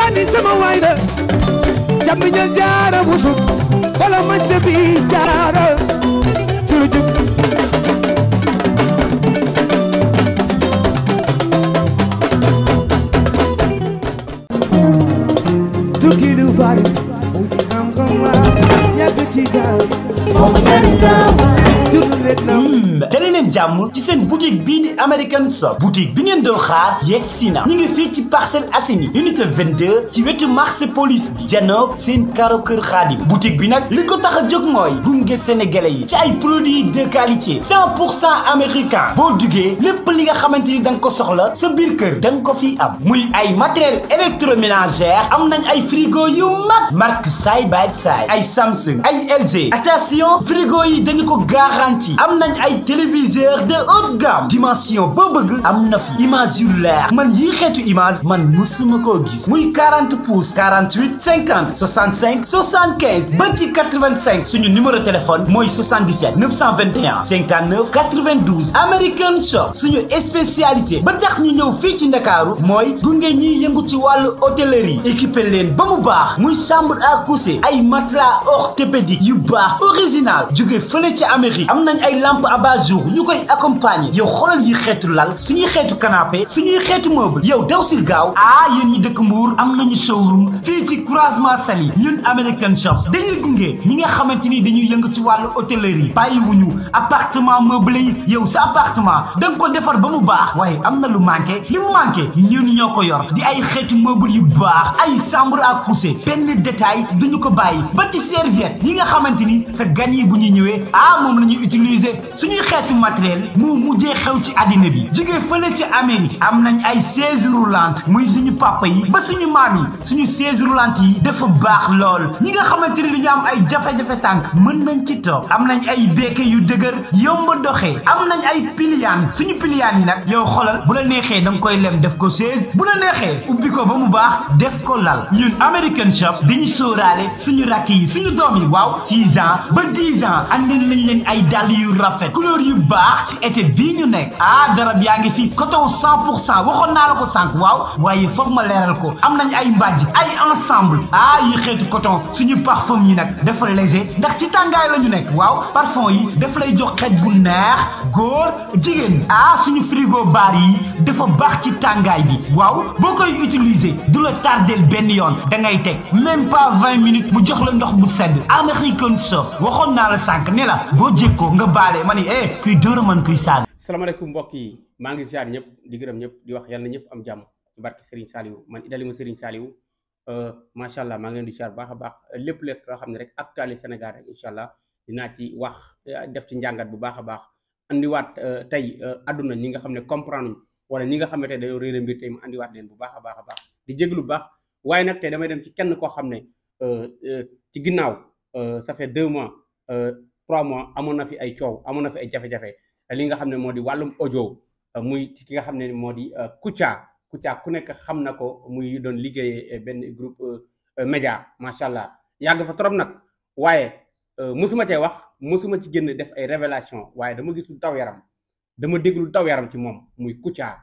daani sama waay da jàmm ñal jaara busuk wala man se bi jaara jàmm ci seen boutique bii di American Shop boutique bi ngeen doon xaar yegg si na ñu ngi fii ci Parcelles Assainies unité 22 ci wetu marché police bi janoog seen karo kër xaadim boutique bi nag li ko tax a mooy gunge sénégalais yi ci ay produits de qualité 100 pour boo duggee lépp li nga xamante ni da nga ko soxla sa biir kër da nga ko fi am muy ay matériel électroménager am nañ ay frigo yu mag marque side by side ay Samsung ay LG attention frigo yi dañu ko garanti téléviseur de haute gamme dimension boo bëgg am na fi image yu leer man yii xeetu image man musuma koo gis muy 40 pouces 48 50 65 75 ba ci 85 suñu numéro téléphone mooy 77 921 59 92 American Shop suñu spécialité ba tax ñu ñëw fii ci Ndakaaru mooy gunge ñiy yëngu ci wàllu hôtellerie équipé leen ba mu baax muy chambre à coucher ay matelas orthopédique yu baax original jóge fële ci Amérique am nañ ay lampe abat-jour yu koy accompagner yow xoolal yi xeetu lal suñuy xeetu canapé suñuy xeetu meuble yow daw sil gaaw ah yéen ñi dëkk Mbour am nañu showroom fii ci croisement Saly ñun American Shop dañuy gunge ñi nga xamante ni dañuy yëngu ci wàllu hôtellerie bàyyiwuñu appartement meublé yi yow sa appartement da nga ko defar ba mu baax waaye am na lu manqué li mu manqué ñun ñoo ko yor di ay xeetu meuble yu baax ay ak à coucher benn détail duñu ko bàyyi ba ci serviette yi nga xamante ni sa gan yi bu ñuy ñëwee ah, matériel moo mujjee xew ci àddina bi jógee fële ci Amérique am nañ ay chaise roulante muy suñu papa yi ba suñu maam yi suñu chaise roulante yi dafa baax lool ñi nga xamante lu ñu am ay jafe tànk mën nañ ci toog am nañ ay béke yu dëgër yomba doxee am nañ ay piliyaan suñu piliyaan yow xoolal bu la neexee da koy lem def ko chaise bu la neexee ubbi ko ba mu baax def ko lal ñun American Shop dañu soraale suñu rakk yi suñu doom yi waaw six ans ba dix ans andil nañ leen ay dàll yu rafet couleur yu baax baax ci bii ñu nekk ah darab yaa ngi fi coton cent pour cent waxoon naa la ko sànq waaw waaye foog ma leeral ko am nañ ay mbàjj ay ensemble ah yi xeetu coton suñu parfom yi nag dafa léger ndax ci tàngaay la ñu nekk waaw parfum yi daf lay jox xet bu neex góor jigéen ah suñu frigo baar yi dafa baax ci tàngaay bi waaw boo koy utiliser du la tardeel benn yoon da ngay teg même pas vingt minutes mu jox la ndox bu sedd American soap waxoon naa la sànq ne boo jékkoo nga baale a mën kuy saaga. mbokk yi maa ngi ziar ñëpp di gërëm ñëpp di wax yàlla na ñëpp am jàmm ci barke Serigne Saliou man Idali ma Serigne Saliou euh, macha allah maa ngi leen di ziar baax a baax lépp lépp loo xam ne rek actualité Sénégal rek incha allah dinaa ci wax euh, def ci njàngat bu baax a baax andiwaat euh, tey adduna ñi nga xam ne comprendre wala ñi nga xam ne tey dañoo réer mbir tey mu andiwaat leen bu baax a baax a baax di jéglu baax waaye nag tey damay dem ci kenn koo xam ne ci ginnaaw ça fait deux mois trois mois amoon na fi ay coow amoon na fi ay jafe li nga xam ne moo di wàllum ojo euh, muy ki nga xam ne moo di euh, Kouthia Kouthia ku nekk xam na ko muy doon liggéeyee euh, benn groupe média macha allah yàgg fa trop nag waaye mosuma cee wax mosuma ci génn def ay révélation waaye dama gis lu yaram dama dégg lu yaram ci moom muy Kouthia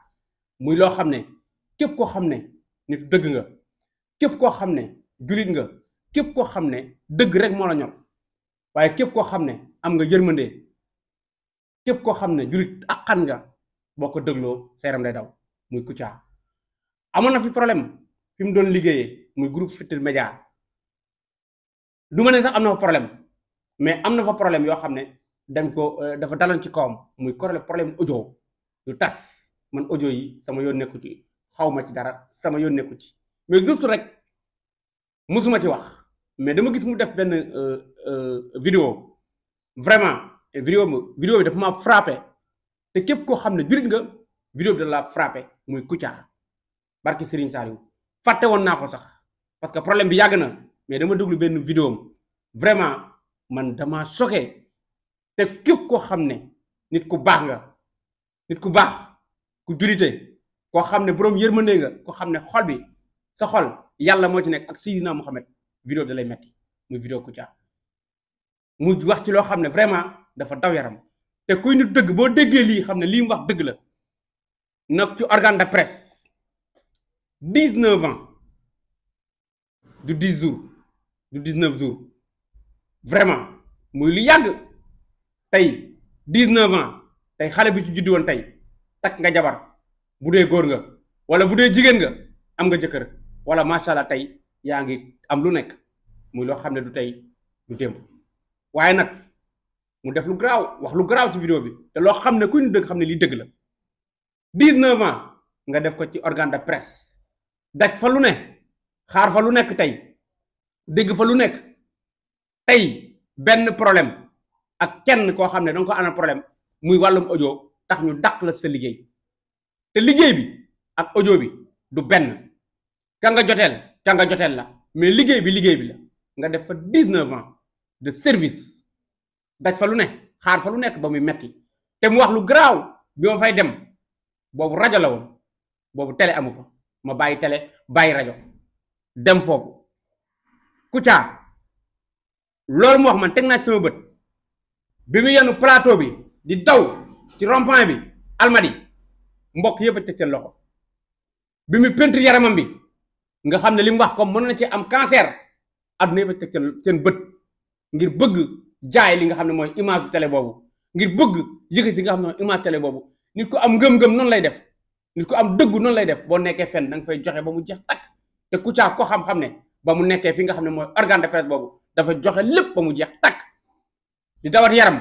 muy loo xam ne képp koo xam ne nit dëgg nga képp koo xam ne julit nga képp koo xam ne dëgg rek moo la ñor waaye képp koo xam ne am nga yërmande képp koo xam ne jullit akkan nga boo ko dégloo seeram day daw muy Kouthia amoon na fi problème fi mu doon liggéeyee muy groupe Futurs Médias du ma ne sax am na fa problème mais am na fa problème yoo xam ne dañ ko euh, dafa daloon ci kawam muy corole problème audio yu tas man audio yi sama yoon nekku ci xaw ma ci dara sama yoon nekku ci mais juste rek musuma ci wax mais dama gis mu def benn euh, euh, vidéo vraiment te ma vidéo bi dafa maa frappé te képp koo xam ne jurit nga vidéo bi da la frappé muy Kouthia barki Serigne Saliou fàtte woon naa ko sax parce que problème bi yàgg na mais dama déglu benn vidéo am vraiment man dama choqué te képp koo xam ne nit ku baax nga nit ku baax ku julite koo xam ne boroom yërmande nga koo xam ne xol bi sa xol yàlla moo ci nekk ak Seydina Mohamed vidéo da lay metti muy vidéo Kouthia mu wax ci loo xam ne vraiment dafa daw yaram te kuy nit dëgg boo déggee lii xam ne lii mu wax dëgg la nag ci organe de presse dix neuf ans du dix jours du dix neuf jours vraiment muy lu yàgg tey dix neuf ans tey xale bu ci juddi woon tey takk nga jabar bu dee góor nga wala bu dee jigéen nga am nga jëkkër wala macha allah tey yaa ngi am lu nekk muy loo xam ne du tey du démb waaye nag mu def lu garaaw wax lu garaaw ci vidéo bi te loo xam ne kuy nu dëgg xam ne lii dëgg la 19 ans nga def ko ci organe de presse daj fa lu ne xaar fa lu nekk tey dégg fa lu nekk tey benn problème ak kenn koo xam ne danga ko na problème muy wàllum ojo tax ñu dàq la sa liggéey te liggéey bi ak audio bi du benn ka nga joteel kanga joteel la mais liggéey bi liggéey bi la nga def fa 19 ans de service daj fa lu ne xaar fa lu nekk ba muy metti te mu wax lu garaaw bi ma fay dem boobu rajo la woon boobu télé amu fa ma bàyyi tele bàyyi rajo dem foofu Kouthia loolu mu wax man teg naa sama bët bi mu yenu plateau bi di daw ci rond bi almadi mbokk yëpp a teg seen loxo bi mu peintre yaramam bi nga xam ne li mu wax comme mën na ci am cancer adduna yëpp a teg seen bët ngir bëgg jaay li nga xam ne mooy image télé boobu ngir bëgg yëkkati nga xam ne mooy image télé boobu nit ku am ngëm-ngëm noonu lay def nit ku am dëggu noonu lay def boo nekkee fen danga nga fay joxe ba mu jeex takk te Kouthia ko xam-xam ne ba mu nekkee fi nga xam ne mooy organe boobu dafa joxe lépp ba mu jeex takk di dawat yaram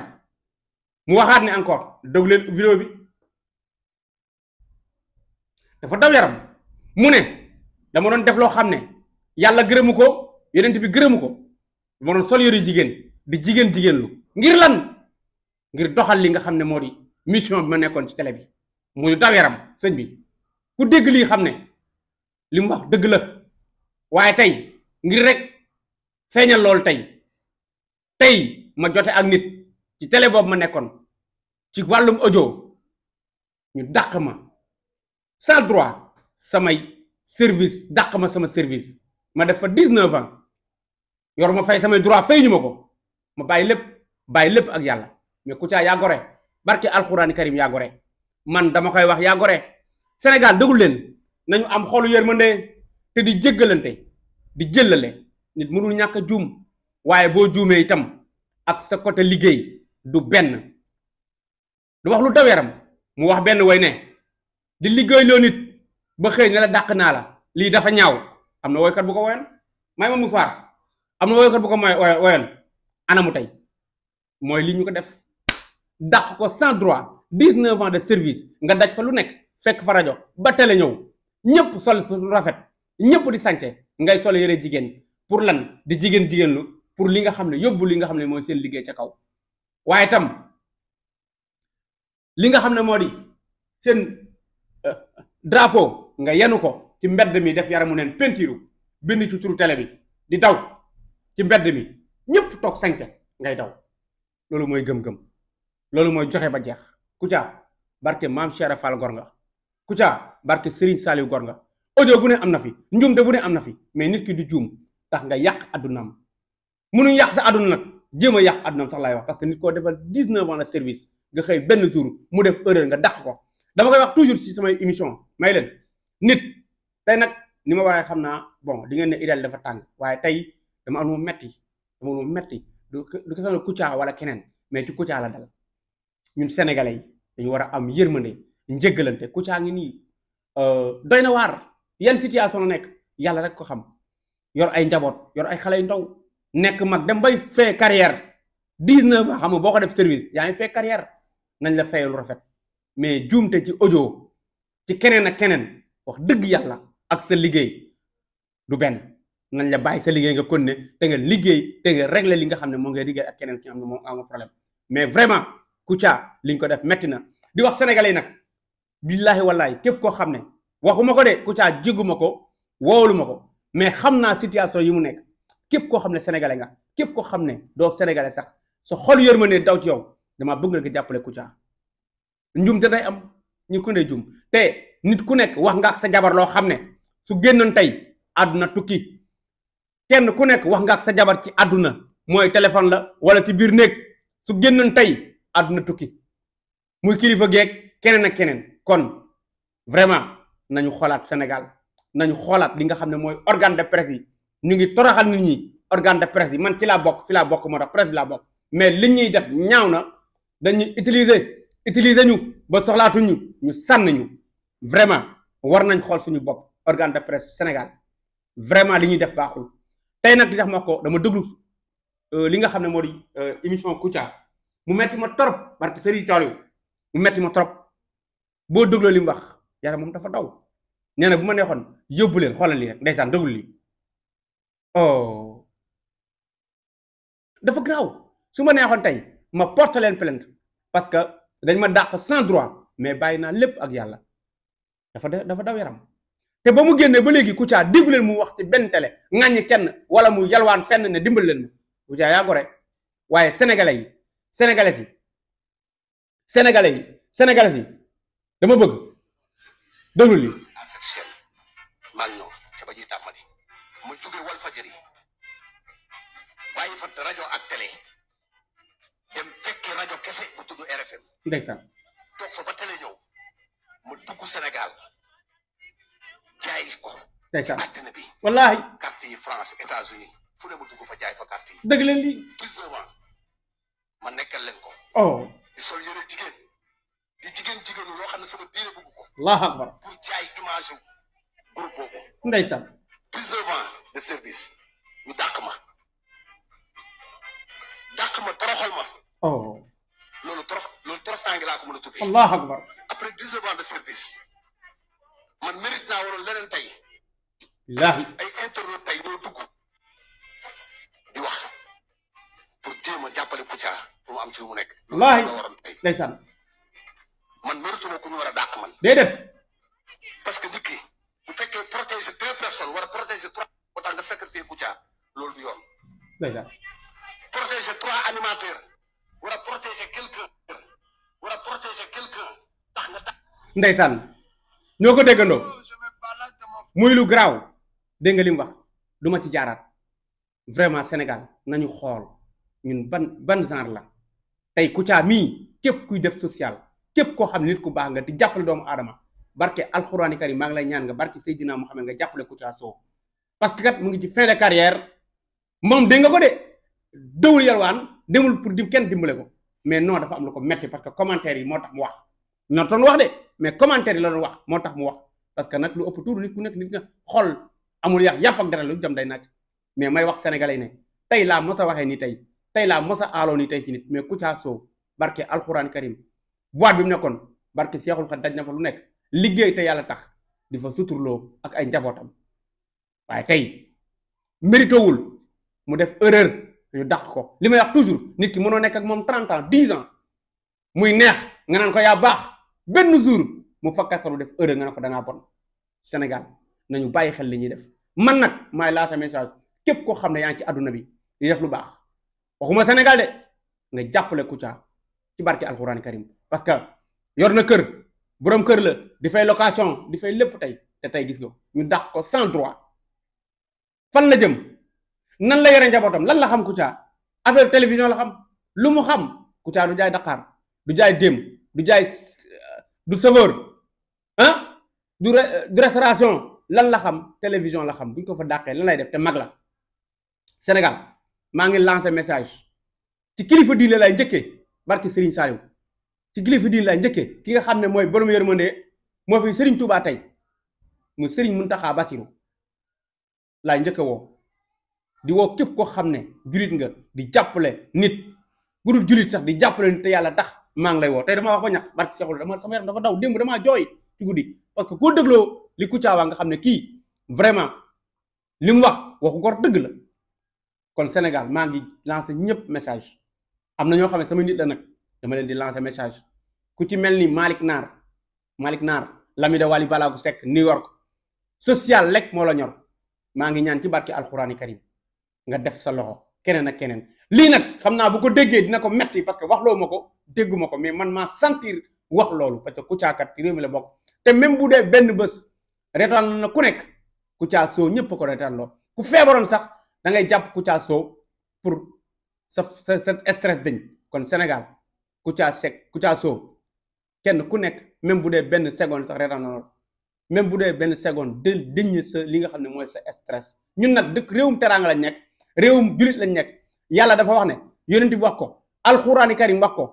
mu waxaat ne encore déglu leen vidéo bi dafa daw yaram mu ne dama doon def loo xam ne yàlla gërëmu ko yeneen bi gërëmu ko dama doon sol yëru jigéen di jigéen jigéen lu ngir lan ngir doxal li nga xam ne moo di mission bi ma nekkoon ci télé bi muy daw yaram sëñ bi ku dégg lii xam ne li mu wax dëgg la waaye tey ngir rek feeñal loolu tey tey ma jote ak nit ci télé boobu ma nekkoon ci wàllum audio ñu dàq ma sans droit samay service dàq ma sama service ma def fa 19 ans yor ma fay samay droit fay ñu ma ko ma bàyyi lépp bàyyi lépp ak yàlla mais Kouthia yaa gore barke alxuraani karim yaa gore man dama koy wax yaa gore Sénégal déglu leen nañu am xolu yërmande te di jëggalante di jëllale nit mënul ñàkk a juum waaye boo juumee itam ak sa côté liggéey du benn du wax lu daw mu wax benn way ne di liggéey loo nit ba xëy na la dàq naa la lii dafa ñaaw am na woykat bu ko woyoon may ma mu am na woykat bu ko may woyoon mu tey mooy li ñu ko def dàq ko sans droit dix-neuf ans de service nga daj fa lu nekk fekk fa rajo ba télé ñëw ñëpp sol su rafet ñëpp di sànce ngay sole yëre jigéen pour lan di jigéen jigéen lu pour li nga xam ne yóbbu li nga xam ne mooy seen liggéey ca kaw waaye tam li nga xam ne moo di seen euh, drapeau nga yenu ko ci mbedd mi def yaramu neen peinture bind ci turu télé bi di daw ci mbedd mi ñëpp toog sañse ngay daw loolu mooy gëm-gëm loolu mooy joxe ba jeex Kouthia barke maam Cheikh Fall gor nga Kouthia barke Serigne Saliou gor nga audio bu ne am na fi njuum de bu ne am na fi mais nit ki du juum tax nga yàq addunaam mënuñ yàq sa adduna nag jéem a yàq addunaam sax laay wax parce que nit koo defal 19 ans de service nga xëy benn jour mu def erreur nga dàq ko dama koy wax toujours ci samay émission may leen nit tey nag ni ma waxee xam naa bon di ngeen ne idéal dafa tàng waaye tey dama am dama lu metti du du ko soxla Kouthia wala keneen mais ci Kouthia la dal ñun sénégalais yi dañu war a am yërmande njëggalante Kouthia ngi nii euh, doy na waar yan situation la nekk yàlla rek ko xam yor ay njaboot yor ay xale yu ndaw nekk mag dem bay fee carrière dix-neuf ans boo ko def service yaa ngi fee carrière nañ la fay lu rafet mais juumte ci audio ci keneen ak keneen wax dëgg yàlla ak sa liggéey du benn nañ la bàyyi sa liggéey nga kon ne te nga liggéey te nga régler li nga xam ne moo ngay liggéey ak keneen ki nga xam ne moom amoo problème mais vraiment Kouthia ko def métti na di wax sénégalais nag billaahi wallaahi képp koo xam ne waxuma ko de Kouthia jiguma ko woolu ko mais xam naa situation yi mu nekk képp koo xam ne sénégalais nga képp koo xam ne doo sénégalais sax sa xol yërmande daw ci yow damaa bëgg nga jàppale Kouthia njum te day am ñu ko ne jum te nit ku nekk wax nga sa jabar loo xam ne su génn tey àdduna tukki kenn ku nekk wax nga ak sa jabar ci àdduna mooy téléphone la wala ci biir néeg su génnoon tey àdduna tukki muy kilifa geeg keneen ak keneen kon vraiment nañu xoolaat Sénégal nañu xoolaat li nga xam ne mooy organe de presse yi ñu ngi toroxal nit ñi organe de presse yi man ci laa bokk fi laa bokk moo tax presse bi laa bokk mais li ñuy def ñaaw na dañuy utiliser utiliser ñu ba soxlaatuñu ñu sànn vraiment war nañ xool suñu bokk organe de presse Sénégal vraiment li ñuy def baaxul tey nag li tax ma ko dama déglu euh, li nga xam ne moo di euh, émission Kouthia mu metti ma trop barke Serigne Thiaw mu metti ma trop boo dégloo li mu wax yaram moom dafa daw nee na bu ma neexoon yóbbu leen xoolal lii rek ndeysaan déglu lii oh dafa garaaw su ma neexoon tey ma porte leen plainte parce que dañ ma dàq sans droit mais bàyyi naa lépp ak yàlla dafa dafa daw yaram. te ba mu génnee ba léegi ku caa leen mu wax ci benn télé ŋàññi kenn wala mu yalwaan fenn ne dimbal leen ma Kouthia yaa gore waaye sénégalais yi sénégalais yi sénégalais dama bëgg déglu li mu jóge wal fajari bàyyi fa rajo ak télé dem fekki rajo kese bu RFM ndeysaan toog fa ba télé ñëw mu dugg Sénégal jaay ko. ndeysaan àddina bi. wallaahi carte yi France États-Unis fu ne ma dugg fa jaay fa carte yi. dëgg ans ma nekkal leen ko. oh di sol yëre jigéen jigéen jigéenu loo xam ne sama diine ko. allahu akbar pour jaay image yu groupe boobu. ndeysaan. 19 ans de service ñu dàq ma dàq ma toroxal ma. oh loolu torox loolu laa ko mën a tuddee. allahu akbar après 19 ans de service. man mérite naa waroon leneen tey. laahi ay internet tey ñoo dugg di wax pour jéem a jàppale Kouthia pour mu am ci lu mu nekk. laahi ndeysaan man mérite ma ku ñu war a dàq man. déedéet. parce que nit ki bu fekkee protéger deux personnes war a protéger trois autant nga sacrifier Kouthia loolu du yoon. ndeysaan. protéger trois animateurs war a protéger quelqu'un war a protéger quelqu'un tax nga tax. ndeysaan. ñoo ko déggandoo oh, muy lu garaaw dégg nga li mu wax du ma ci jaaraat vraiment Sénégal nañu xool ñun ban ban genre la tey Kouthia mii képp kuy def social képp koo xam ne nit ku baax nga di jàppale doomu aadama barke alxuraani karim maa ngi lay ñaan nga barke Seydina xam nga jàppale Kouthia Show parce que kat mu ngi ci fin de carrière moom dégg nga ko de dëwul yalwaan demul pour dim kenn dimbale ko mais non dafa am lu ko metti parce que commentaire yi moo tax mu wax ñoo mais commentaire yi la doon wax moo tax mu wax parce que nag lu ëpp tuuru nit ku nekk nit nga xol amul yàq yàpp ak dara lu jëm day naaj mais may wax sénégalais ne tey laa mos waxee ni tey tey laa mos a ci nit mais ku caaso barke alxuraan karim boîte bi mu nekkoon barke seexul xat daj na fa lu nekk liggéey te yàlla tax di fa suturloo ak ay njabootam waaye tey méritowul mu def erreur ñu daq ko li may wax toujours nit ki mënoo nekk ak moom 30 ans 10 ans muy neex nga naan ko yaa baax. benn jour mu fakkastalu def heure nga ne ko da ngaa bon Sénégal nañu bàyyi xel li ñuy def man nag maay laa sa message képp koo xam ne yaa ngi ci àdduna bi di def lu baax waxuma Sénégal de nga jàppale Kouthia ci barke alxuraan karim parce que yor na kër borom kër la di fay location di fay lépp tey te tey gis nga ñu dàq ko sans droit fan la jëm nan la yore njabootam lan la xam Kouthia affaire télévision la xam lu mu xam Kouthia du jaay Dakar du jaay Dém du jaay. du chauffeur ah du euh, du restauration lan la xam télévision la xam bu ñu ko fa dàqee lan lay def te mag la Sénégal maa ngi lancé message ci kilifa diine lay njëkkee barki Serigne Saliou ci kilifa diine lay njëkkee ki nga xam ne mooy borom yërmande moo fi Serigne Touba tey mu sëriñ Serigne Mountakha basiro laay njëkk woo di woo képp koo xam ne julit nga di jàppale nit bu dul julit sax di jàppale nit te yàlla tax. maa ngi lay woo tey damaa wax ba ñàkk barke Seexul dama sama yaram dafa daw démb damaa jooy ci guddi parce que koo dégloo li Kouthia wax nga xam ne kii vraiment li mu wax waxu gor dëgg la kon Sénégal maa ngi lancé ñëpp message am na ñoo xam ne sama nit la nag dama leen di lancé message ku ci mel ni Malick Naar Malick Naar l'ami de Wally Ballago Seck New York social lekk moo la ñor maa ngi ñaan ci barke alxuraani karim nga def sa loxo keneen ak keneen lii nag parce que waxloo ma ko dégguma ko mais man maa sentir wax loolu parce que Kouthia kat réew mi la bokk te même bu dee benn bës reetaan na ku nekk Kouthia Show ñëpp ko reetaan ku feebaroon sax da ngay jàpp Kouthia Show pour sa sa sa dañ kon Sénégal Kouthia Seck Kouthia Show kenn ku nekk même bu dee benn seconde reetaan na même bu dee benn seconde de dëñ sa li nga xam ne mooy sa stress ñun nag dëkk réewum teraanga lañ nekk réewum jullit lañ nekk yàlla dafa wax ne yonent bi wax ko alxuraani karim wax ko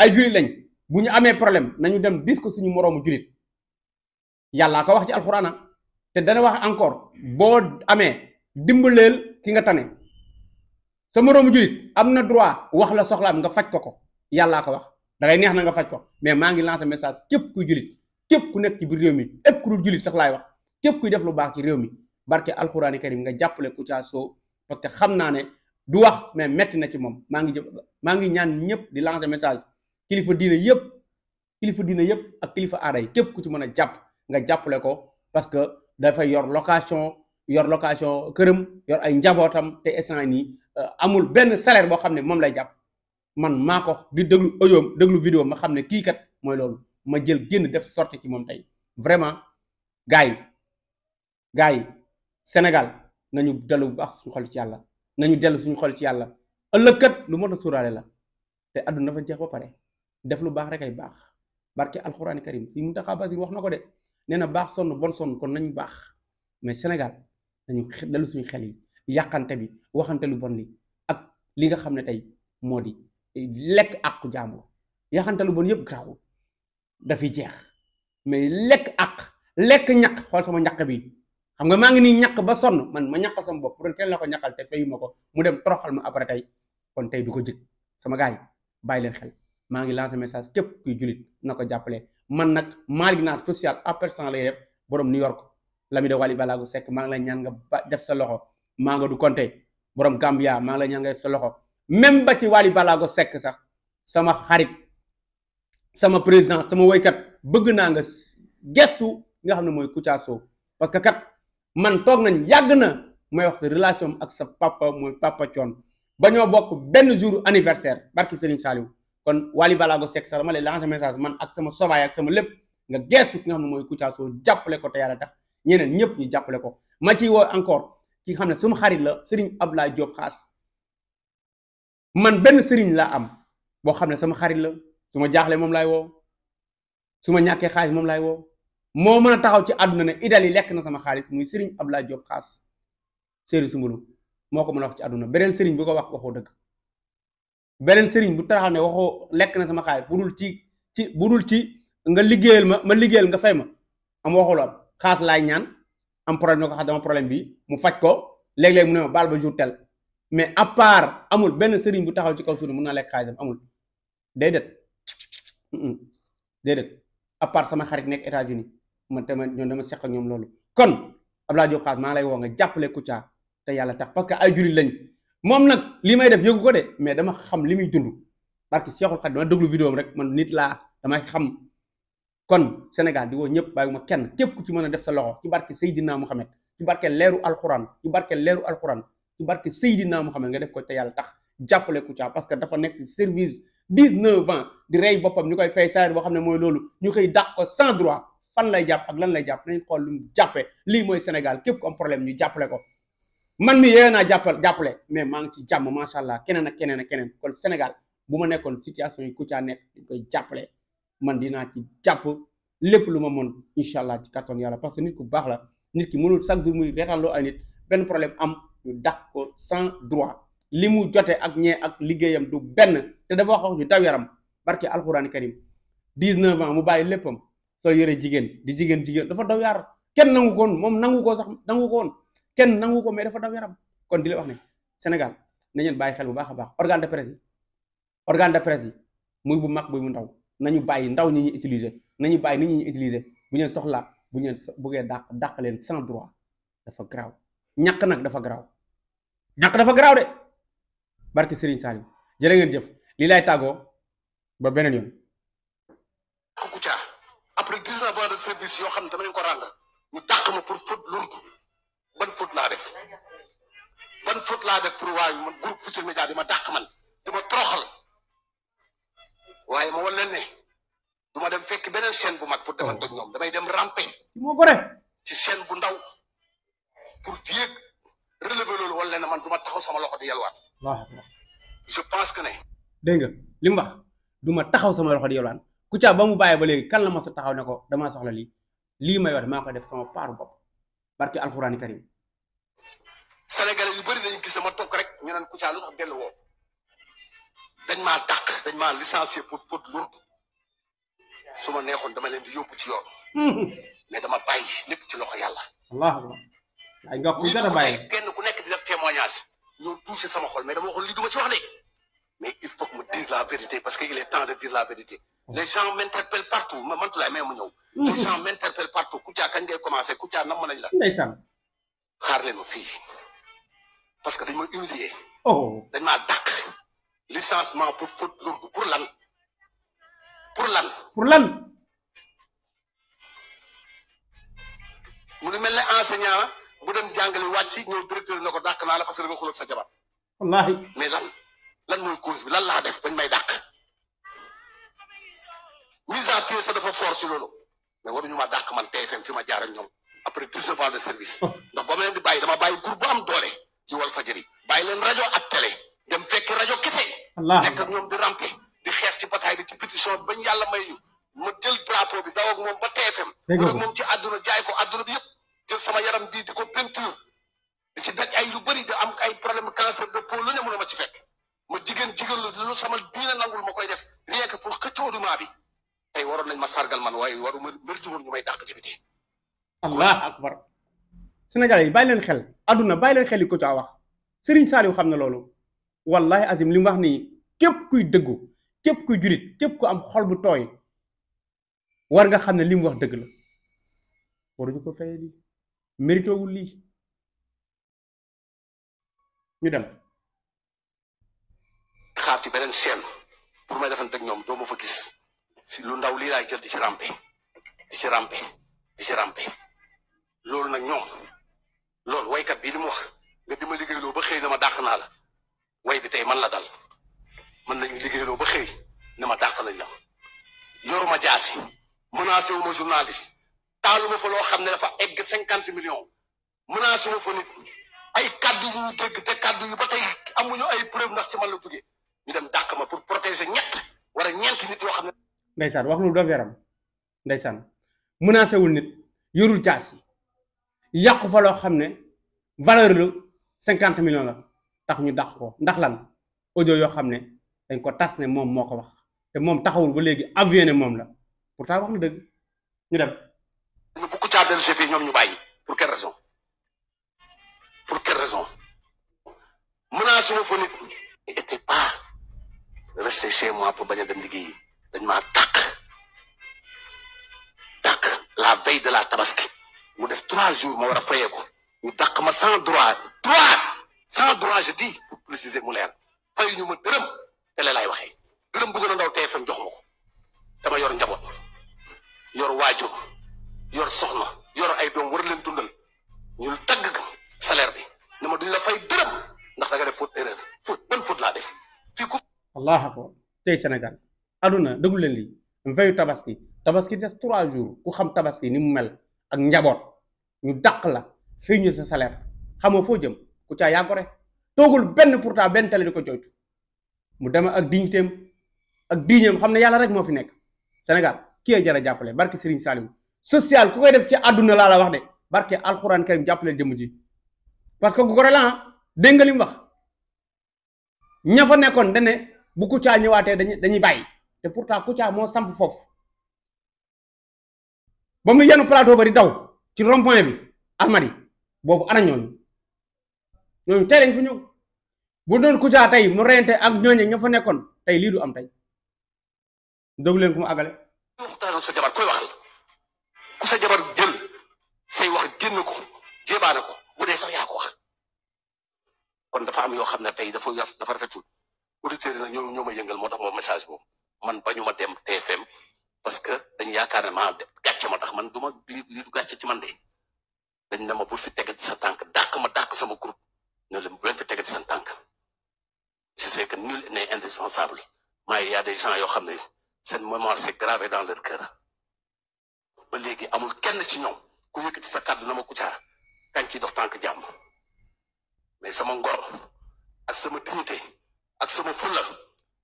ay jullit lañ bu ñu amee problème nañu dem dis ko suñu moroomu jullit yàllaa ko wax ci alxuraana te dana wax encore boo amee dimbaleel ki nga tane sa moroomu jullit am na droit wax la soxlaam nga faj ko ko yàllaa ko wax da ngay neex na nga faj ko mais maa ngi lancer message képp kuy jullit képp ku nekk ci biir réew mi képp ku dul jullit sax laay wax képp kuy def lu baax ci réew mi barke alxuraani karim nga jàppale Kouthia Show parce que xam naa ne du wax mais metti na ci moom maa ngi jë maa ngi ñaan ñëpp di lancer message kilifa diine yëpp kilifa diine yëpp ak kilifa aada yi képp ku ci mën a jàpp nga jàppale ko parce que dafay yor location yor location këram yor ay njabootam te instant nii euh, amul benn salaire boo xam ne moom lay jàpp man maa ko di déglu audio déglu vidéo ma xam ne kii kat mooy loolu ma jël génn def sorti ci moom tey vraiment gars yi gars yi Sénégal nañu dellu bu baax suñu xol ci yàlla nañu dellu suñu xol ci yàlla ëllëg kat lu mot a suuraale la te àdduna dafa jeex ba pare def lu baax rek ay baax barke alxuraani karim fi mu taxaa basir wax na ko de nee na baax sonn bon sonn kon nañ baax mais Sénégal dañu dalu suñu xel yi yàqante bi waxante lu bon li ak li nga xam ne tey moo di eh, lekk àqu jàmbur yàqante lu bon yëpp garaawul dafiy jeex mais lekk àq lekk ñaq xool sama ñaq bi xam nga maa ngi nii ñaq ba sonn man ma ñaqal sama bopp doon kenn la ko ñaqal te fayu ma ko mu dem toroxal ma après tey kon tey du ko jëg sama gars yi bàyyi leen xel maa ngi lance message képp kuy jullit na ko jàppale man nag marginal social aperçant lay def borom New York la mi de Wally Ballago sekk maa ngi la ñaan nga def sa loxo maa nga du Conte boroom Gambia maa ngi la ñaan nga def sa loxo même ba ci Wally Ballago sekk sax sama xarit sama président sama woykat bëgg naa nga gestu nga xam ne mooy Kouthia Show parce que kat man toog nañ yàgg na may wax relation ak sa papa mooy papa Thione ba ñoo bokk benn jour anniversaire barki Serigne Saliou kon Wally Ballago Seck sax ma lay lancer message man ak sama sobaay ak sama lépp nga geesu ki nga xam ne mooy Kouthia Show jàppale ko te yàlla tax ñeneen ñëpp ñu jàppale ko ma ciy woo encore ki xam ne suma xarit la Serigne Abdoulaye Diop benn Serigne laa am boo xam ne sama xarit la su ma jaaxlee moom laay woo su ma ñàkkee xaalis moom laay woo moo mën a taxaw ci àdduna ne yi lekk na sama xaalis muy Serigne Abdoulaye Diop xaas Serigne Sumbulu moo ko mën a wax ci àdduna beneen Serigne bu ko wax waxoo dëgg beneen sëriñ bu taxaw ne waxoo lekk na sama xaalis bu dul ci ci bu dul ci nga liggéeyal ma ma liggéeyal nga fay ma am waxul am xaas laay ñaan am problème ñoo ko xas dama problème bi mu faj ko léeg-léeg mu ne ma baal ba jour tel mais à part amul benn sëriñ bu taxaw ci kaw suuf mun naa lekk xaalisam amul déedéet déedéet à part sama xarit nekk États-Unis man tamit ñoom dama seq ñoom loolu kon Abdoulaye Diop Khass maa lay woo nga jàppale Kouthia te yàlla tax parce que ay jullit lañ moom nag li may def yëgu ko de mais dama xam li muy dund parce que Seexul Xadiim dama déglu vidéo am rek man nit laa damay xam kon Sénégal di woo ñëpp ma kenn képp ku ci mën a def sa loxo ci barke Seydina Muhammad ci barke leeru alxuraan ci barke leeru alxuraan ci barke Seydina Muhammad nga def ko te yàlla tax jàppale Kouthia parce que dafa nekk service dix-neuf ans di boppam ñu koy fay salaire boo xam ne mooy loolu ñu koy dàq ko sans droit lay jàpp ak lan lay jàpp nañ xool lu mu lii mooy Sénégal képp ku problème ñu jàppale ko man mi yee naa jàppal jàppale mais maa ngi ci jàmm macha allah keneen ak keneen ak keneen kon Sénégal bu ma nekkoon situation yi ku caa nekk dañ koy jàppale man dinaa ci jàpp lépp lu ma mën incha allah ci kattan yàlla parce que nit ku baax la nit ki mënul chaque jour muy reetaanloo ay nit benn problème am ñu dàq ko sans droit li mu jote ak ñee ak liggéeyam du benn te dafa wax wax ñu daw yaram barke alxuraan karim 19 ans mu bàyyi léppam soo yore jigéen di jigéen jigéen dafa daw yar kenn nangu koon moom nangu ko sax nangu koon kenn nangu ko mais dafa daw yaram kon di la wax ne Sénégal na ngeen bàyyi xel bu baax a baax organe de presse yi organe de presse yi muy bu mag muy bu ndaw nañu bàyyi ndaw ñi ñuy utiliser nañu bàyyi nit ñi ñuy utiliser bu ñeen soxlaa bu ñeen buggee dàq dàq leen sans droit dafa garaaw ñàkk nag dafa garaaw ñàkk dafa garaaw de barke Serigne Saliou jërë ngeen jëf lii laay tàggoo ba beneen yoon. Kouthia après dix ans de service yoo xam ban faute laa def ban faute laa def pour waa man groupe Futurs Médias di ma dàq man di ma toroxal waaye ma wan leen ne du ma dem fekk beneen chaîne bu mag pour defante ak ñoom damay dem ramper. moo ko ci chaîne bu ndaw pour yéeg relever loolu wan leen ne man du ma taxaw sama loxo di yalwaat. waaw je pense que ne. dégg nga li mu wax du ma taxaw sama loxo di yalwaat Kouthia ba mu bàyyi ba léegi kan la ma sa taxaw ne ko damaa soxla lii lii may wax maa ko def sama paaru bopp barki alxuraani karim sénégalais yu bëri nañu gis sama toog rek ñu naan Kouthia lu tax dañ maa dàq dañ maa licencié pour faute lourde su ma neexoon dama leen di yóbbu ci yoon. Hmm. mais dama bàyyi lépp ci loxo yàlla. waaw ay nga ku a bàyyi kenn ku nekk di def témoignage ñoo touché sama xol me dama waxoon lii ma ci wax de mais il faut que mu dire la vérité parce que il temps de dire la vérité. Hmm. les gens m'interpellent partout ma mëntu laay may mu ñëw. Hmm. les gens m'interpellent partout Kouthia kañ ngay commencé ku nam ma nañ la. ndeysaan. xaar leen ma fii. parce que dañ ma humilier oh dañ maa dàq licenciement pour faute lourde pour lan pour lan pour lan mu nu mel ne enseignant bu dem jàngale wàcc ñëw directeur na ko dàq naa la parce que da nga xulóog sa mais lan lan mooy cause bi lan laa def bañ may dàq mise à pied sa dafa fort si loolu mais waruñu ma dàq man TFM fi ma jaar ak ñoom après dix-neuf de service oh. ndax ba ma leen di bàyyi dama bàyyi groupe bu am doole ci Walfadjri bàyyi leen rajo ak tele dem fekk rajo kese. nekk ak ñoom di rampe di xeex ci bataay bi ci pétition bi bañ yàlla may ma jël drapeau bi daw moom ba TFM. dëgg la moom ci àdduna jaay ko àdduna bi yëpp jël yaram bii di ko peinture di ci daj ay lu am ay problème cancer de peau lu ne mën a ma ci fekk ma jigéen jigéen lu sama diina nangul ma koy def rien que pour xëccoo dumaa bi tey waroon nañ ma sargal man waaye waru ma mérite woon ñu may dàq ci biti. allah akbar. Sénégalais yi bàyyi leen xel àdduna bàyyi leen xel yi ko caa wax Serigne Saliou xam ne loolu wallahi azim li mu wax nii képp kuy dëggu képp kuy jurit képp ku am xol bu tooy war nga xam ne li wax dëgg la waruñu ko fay lii mérito wul lii ñu dem. xaar ci beneen chaîne pour may defante ak ñoom doo fa gis lu ndaw lii laay jël di ci rampe di ci rampe di ci rampe loolu nag ñoom. bii li mu wax nga di ma liggéeyloo ba xëy na ma dàq naa la way bi tey man la dal man lañu liggéeyloo ba xëy na ma dàq lañ la yoruma jaasi menacé wu ma journaliste taaluma fa loo xam ne dafa egg cinquante millions menacé wu ma fa nit ay kaddu yu ñu te kàddu yu ba tey amuñu ay preuve ndax ci man la jógee ñu dem dàq ma pour protéger ñett wala ñeent nit yoo xam ne. Ndeysaan wax lu doon yaram Ndeysaan menacé wul nit yorul jaasi yàqu fa loo xam ne. valeur lu cinquante million la tax ñu dax ko ndax lan audio yoo xam ne dañ ko tas ne moom moo ko wax te moom taxawul ba léegi avoué ne moom la taa wax na dëgg ñu dem. bu ko caa dellu si fii ñoom ñu bàyyi pour quelle raison pour quelle raison menace téléphonique il était pas resté chez moi pour bañ a dem liggéeyi dañ maa tàq tàq la veille de la tabaski mu def trois jours ma war a fayee ko. ñu dàq ma sans droit droit sans droit je dis pour préciser mu leer fayu ñu ma dërëm te la laay waxee dërëm bëgg na ndaw TFM jox ma ko dama yor njaboot yor waajur yor soxna yor ay doom war leen dundal ñu tagg salaire bi ne ma duñ la fay dërëm ndax da nga def foot erreur faute ban faute laa def fii ku. allah akbar tey Sénégal aduna déglu leen lii veyu tabaski tabaski des trois jours ku xam tabaski ni mu mel ak njaboot ñu dàq la. fii ñu sa salaire xamoo foo jëm ku caa yaa gore toogul benn pourtant benn télé di ko jooytu mu dem ak digniteem ak diineem xam ne yàlla rek moo fi nekk Sénégal ki a jara jàppale barke Serigne Salim social ku koy def ci àdduna laa la wax de barke alxuraan karim jàppale jëmm ji parce que gore la ah, dégg nga li mu wax ña fa nekkoon dane bu Kouthia ñëwaatee dañuy dañuy bàyyi te pourtant Kouthia moo samp foofu ba mu yenu plateau ba di daw ci rond-point bi almadi boobu ana ñooñu ñooñu tey lañ fa ñëw bu doon Kouthia tey mu reyante ak ñooñu ña fa nekkoon tey lii du am tey déglu leen ku mu àggale. waxtaanal sa jabar koy waxal ku sa jabar jël say wax génn ko jébaane ko bu dee sax yaa wax kon dafa am yoo xam ne tey dafa dafa rafetul auditeurs yi nag ñoo ñoo ma yëngal moo tax moom message boobu man bañu ma dem TFM parce que dañ yaakaar ne maa gàcce ma tax man du ma lii gàcce ci man de. dañ na ma bul fi tegati sa tànk dàq ma dàq sama groupe ne leen bu leen fi tegati seen tànk je sais que nul n'est indispensable mais il y a yoo xam ne seen mémoire c'est gravé dans leur cœur ba léegi amul kenn ci ñoom ku yëkkati sa kàddu na ma Kouthia kañ ci dox tànk jàmm mais sama ngor ak sama dignité ak sama fulla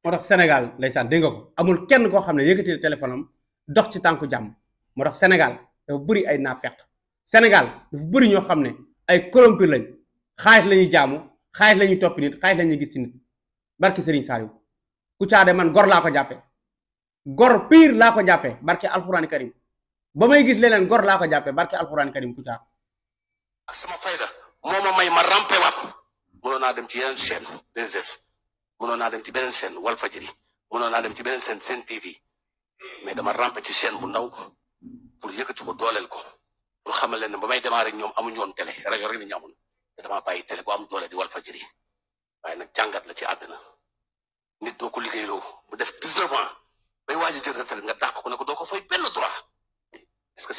moo tax Sénégal ndeysaan dégg nga ko amul kenn koo xam ne yëkkati téléphone am dox ci tànku jàmm moo tax Sénégal dafa bëri ay naafeq Sénégal dafa bëri ñoo xam ne ay corrompu lañ xaalis la ñuy jaamu xaalis la ñuy toppi nit xaalis gis ci nit barki Serigne Saliou Kouthia de man gor laa ko jàppe gor pire laa ko jàppe barki alxuraan karim ba may gis leneen gor laa ko jàppe barki alxuraan karim Kouthia ak sama fayda moo ma may ma rampe waat mënoon naa dem ci yeneen chaîne des mënoon naa dem ci beneen chaîne Walfadjri mënoon naa dem ci beneen seen Sen TV mais dama rampe ci seen bu ndaw pour yëkkati ko dooleel ko pour xamal leen ne ba may démarrer ñoom amuñu woon télé rajo rek la ñu te damaa bàyyi télé bu am doole di wal fajiri waaye nag jàngat la ci àddina nit doo ko liggéeyloo bu def 19 ans bay waaj a jël nga dàq ko ne ko doo ko fay benn que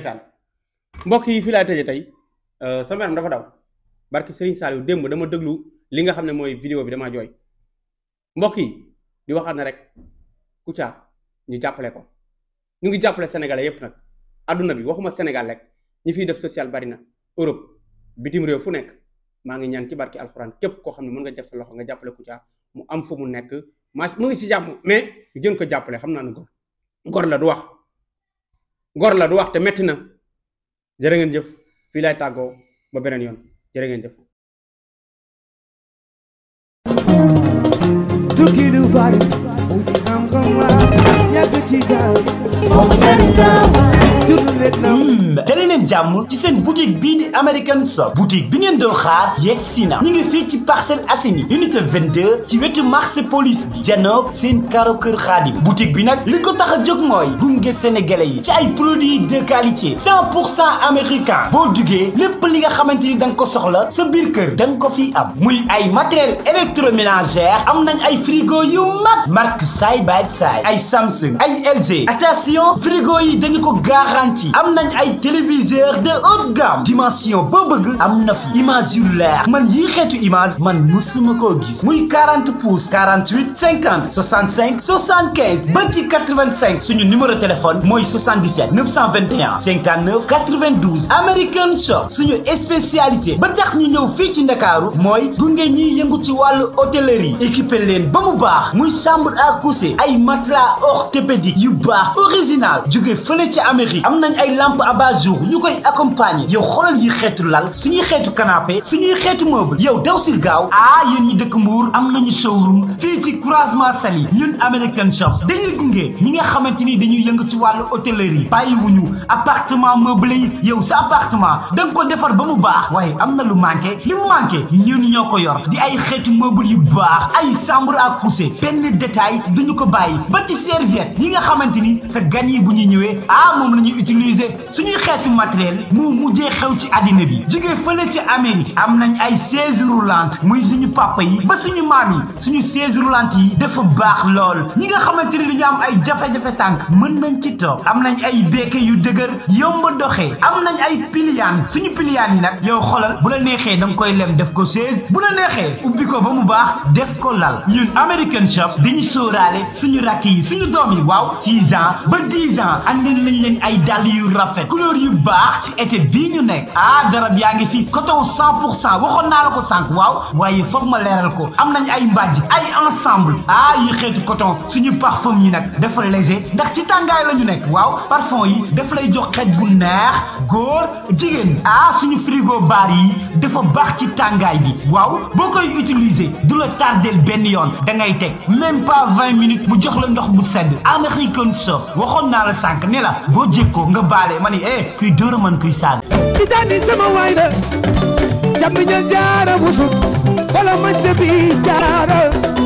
c'est mbokk yi fi laa tey euh, sama yaram dafa daw barki Serigne Saliou démb dama déglu li nga xam ne mooy vidéo bi damaa jooy mbokk yi di waxaat na rek Kouthia ñu jàppale ko. ñu ngi jàppale sénégalais yépp nag adduna bi waxuma Sénégal rek ñi fiy def social bari na Europe bitim réew fu nekk maa ngi ñaan ci barki alxuraan képp koo xam ne mun nga def sa loxo nga jàppale Kouthia mu am fu mu nekk ma mu ngi ci jàpp mais ñu gën ko jàppale xam naa ne gor gor la du wax gor la du wax te metti na jërë ngeen jëf fii laay tàggoo ba beneen yoon jërë ngeen jëf bu ci gaaw Mm. dale leen jàmm ci seen boutique bii di American Shop boutique bi ngeen doon xaar yegg si na ngi fii ci Parcelles Assainies unité 22 ci wetu marché police bi janoog seen karo kër xaadim boutique bi nag li ko tax a jóg mooy gunge sénégalais yi ci ay produits de qualité 100 pour cent américain boo duggee lépp li nga xamante ni da nga ko soxla sa biir kër da ko fi am muy ay matériel électroménager am nañ ay frigo yu mag marque say by side ay Samsung ay LG attention frigo yi dañu ko gaax garantie am nañ ay téléviseur de haute gamme dimension boo bëgg am na fi image yu leer man yii xeetu image man musuma koo gis muy 40 pouces 48 50 65 75 ba ci 85 suñu numéro téléphone mooy 77 921 59 92 American Shop suñu spécialité ba tax ñu ñëw fii ci Ndakaaru mooy gunge ñiy yëngu ci wàllu hôtellerie équipé leen ba mu baax muy chambre à coucher ay matelas orthopédique yu baax original jóge fële ci Amérique am nañ ay lampe à bas jour koy accompagner yow xoolal yi xeetu lal suñuy xeetu canapé suñuy xeetu meuble yow daw si gaaw ah yéen ñi dëkk Mbour am nañu showroom fii ci croisement Saly ñun American Shop dañuy gunge ñi nga xamante ni dañuy yëngu ci wàllu hôtellerie bàyyi wuñu appartement meublé yi yow sa appartement da nga ko defar ba mu baax waaye am na lu manqué li mu manqué ñun ñoo ko yor di ay xeetu meuble yu baax ay chambre à coucher benn détail duñu ko bàyyi ba ci serviette yi nga xamante ni sa gan yi bu ñuy ñëwee ah moom lañu ñuy utiliser suñuy xeetu matériel mu mujjee xew ci àddina bi jógee fële ci Amérique am nañ ay chaise lant muy suñu papa yi ba suñu maam yi suñu chaise roulante yi dafa baax lool ñi nga xamante ni li ñu am ay jafe tànk mën nañ ci toog am nañ ay béke yu dëgër yomb a doxee nañ ay piliyaan suñu piliyaan yi yow xoolal bu la neexee da koy lem def ko chaise bu la neexee ubbi ko ba mu baax def ko lal ñun American Shop dañu sóoraale suñu rakk yi suñu doom yi waaw six ans ba dix ans andil lañ leen ay dàll yu rafet couleur yu baax ci été bii ñu nekk ah darab yaa ngi fi coton 100 pour cent waxoon naa la ko sànq waaw waaye foog ma leeral ko am nañ ay mbàjj ay ensemble ah yi xeetu coton suñu parfum yi nag dafa léger ndax ci tàngaay la ñu nekk waaw parfum yi dafa lay jox xeet bu neex góor jigéen ah suñu frigo baar yi dafa baax ci tàngaay bi waaw boo koy utiliser du la tardeel benn yoon da ngay teg même pas 20 minutes mu jox la ndox bu sedd American soap waxoon naa la sànq la boo jëkk nga baale ma ni eh kuy dóor man kuy saaga. di daani sama waay la. jàmm ña jaara busut wala man sa